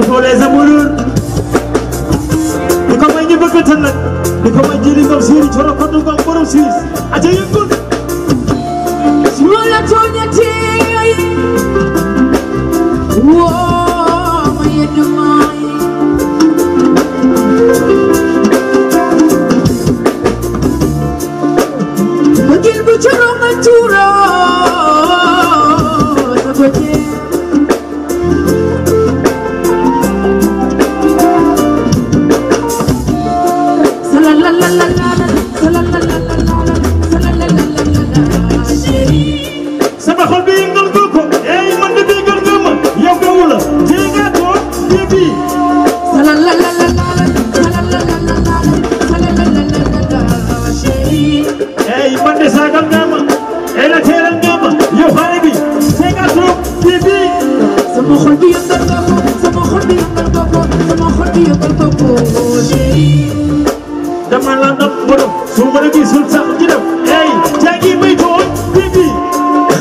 f o l e z a Murur Bukan main i b e k e c a n a n b u k a main i l i n d siri Corok o n u n a n b u r u sis Aja y a n p u Suara conya c i n a y Wow, m y a demai a i l bu c o o u r o n g Sabu Budum, Sumara be Sultan, get up. Hey, Jackie, eh, my boy, Bibi.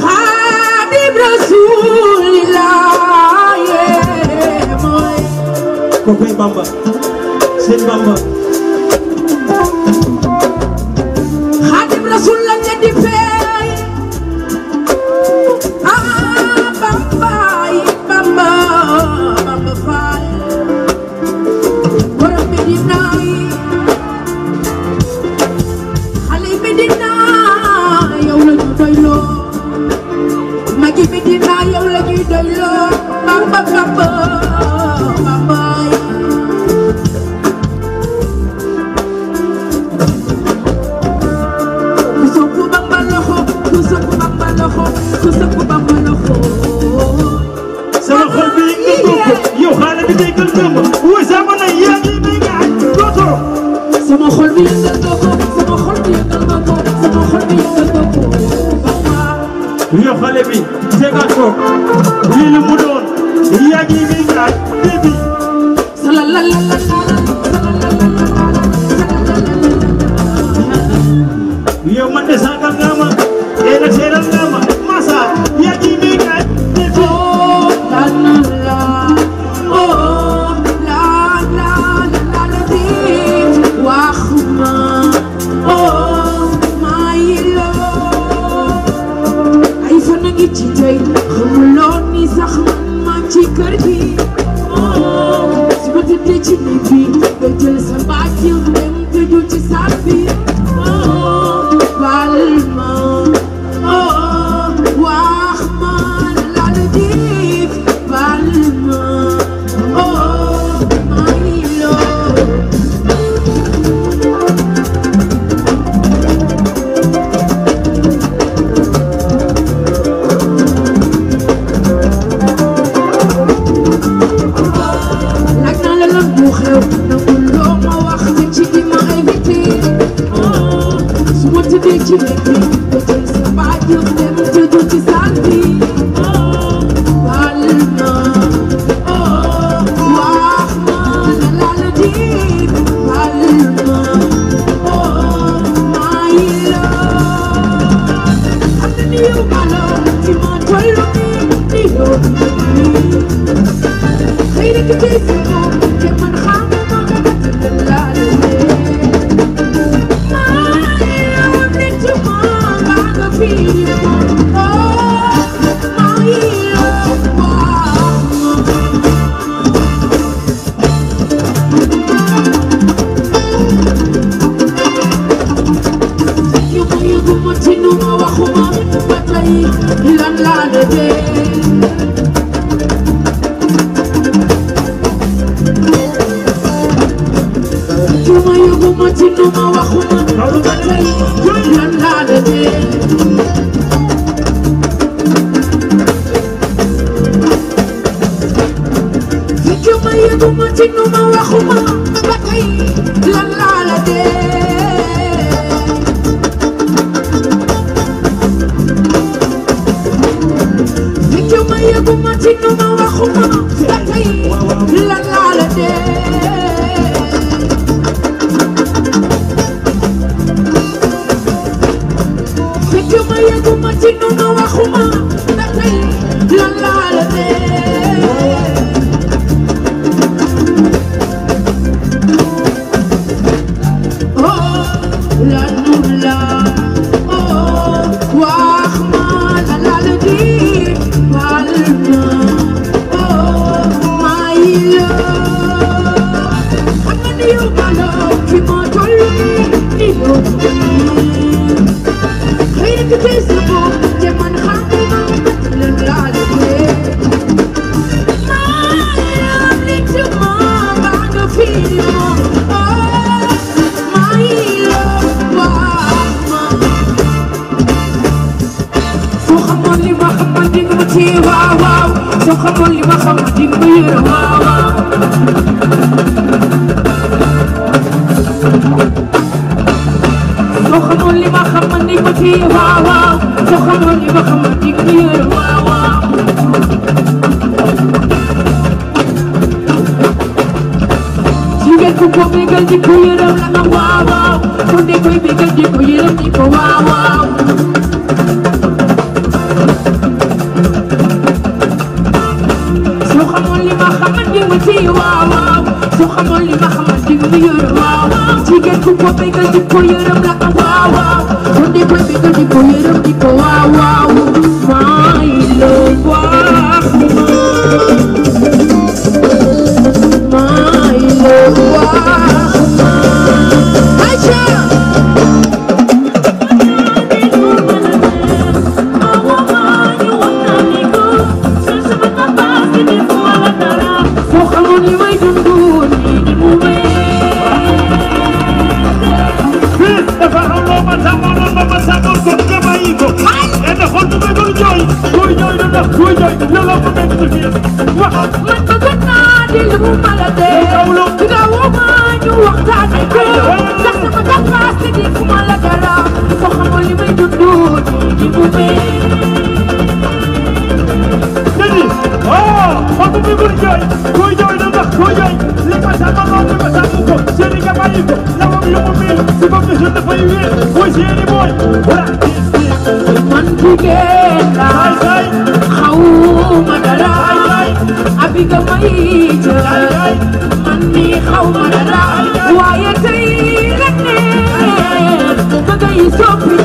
Hadim Rasulillah, yeah, boy. Kofi Bamba, Sin Bamba. lii lu mu doon yaa ngi mi gaaj débi not sacan gamas di oh, you. Yeah. fi waaw waaw sa xamoon ni ba xamoon di nga yër waaw waaw jigéen ku ko bégal di ko yërëm la nga waaw waaw ku ne koy bégal di ko yërëm di ko waaw waaw soo xamoon li ma xamoon di nga ci waaw waaw soo xamoon li ma xamoon di nga yër waaw waaw jigéen ku ko bégal di ko yërëm la nga waaw waaw di ko di ko di ko yërëm di ko waaw waaw waaw ndax buy jooy la la ko dégg ci biir waxal. man bëgg naa di lu ma la dee. nga woo ma ñu waxtaanee ko. ndax sama tàngaas di fu ma la dara. foo xamul li may dund di mu mee. nga ni oh waxtu bi muy jooy.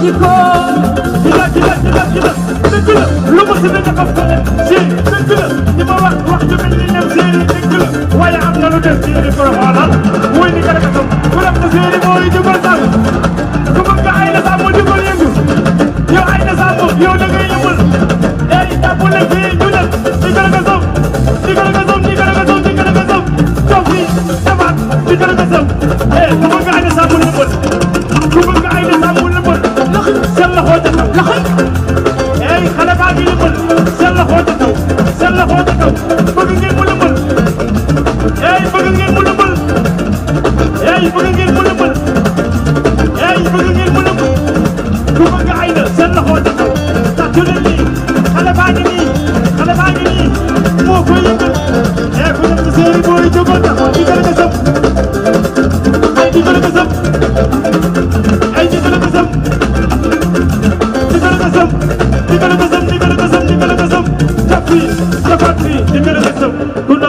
Because loxo ñu ay na seen loxo taxaw tàccu leen nii xale baa ngi nii xale baa ngi nii moo koy yëngal ee ku nekk seeri booy jógoon taxaw di gën a gësëm ay di gën a gësëm ay di gën a gësëm di gën a gësëm di gën a gësëm di gën a gësëm di gën a gësëm jàpp yi jàppaat yi di gën a gësëm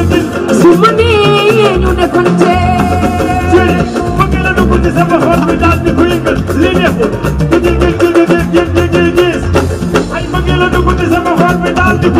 Wadi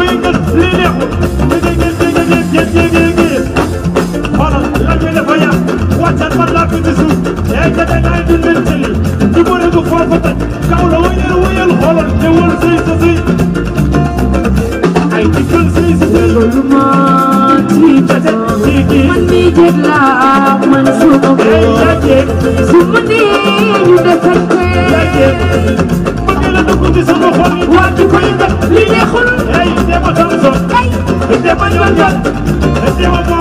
ko yinda li ne xol Ese botón son, ese pañuelo, ese botón.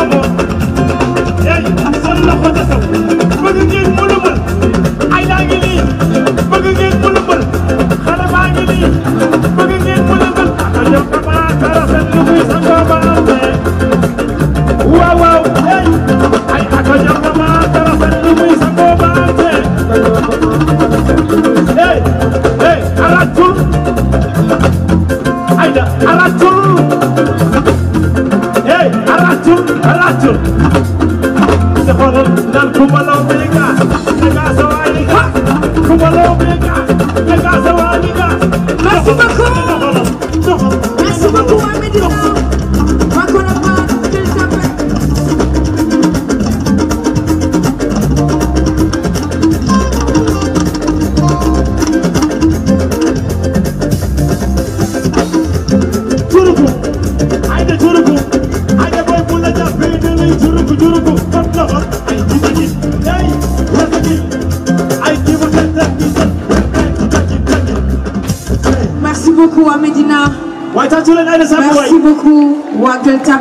te xoolal naan kumbaloo bi nga nga sa waa yi nga kumbaloo bi nga nga sa waa yi nga beaucoup, Waggle